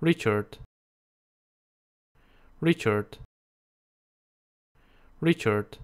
Richard Richard Richard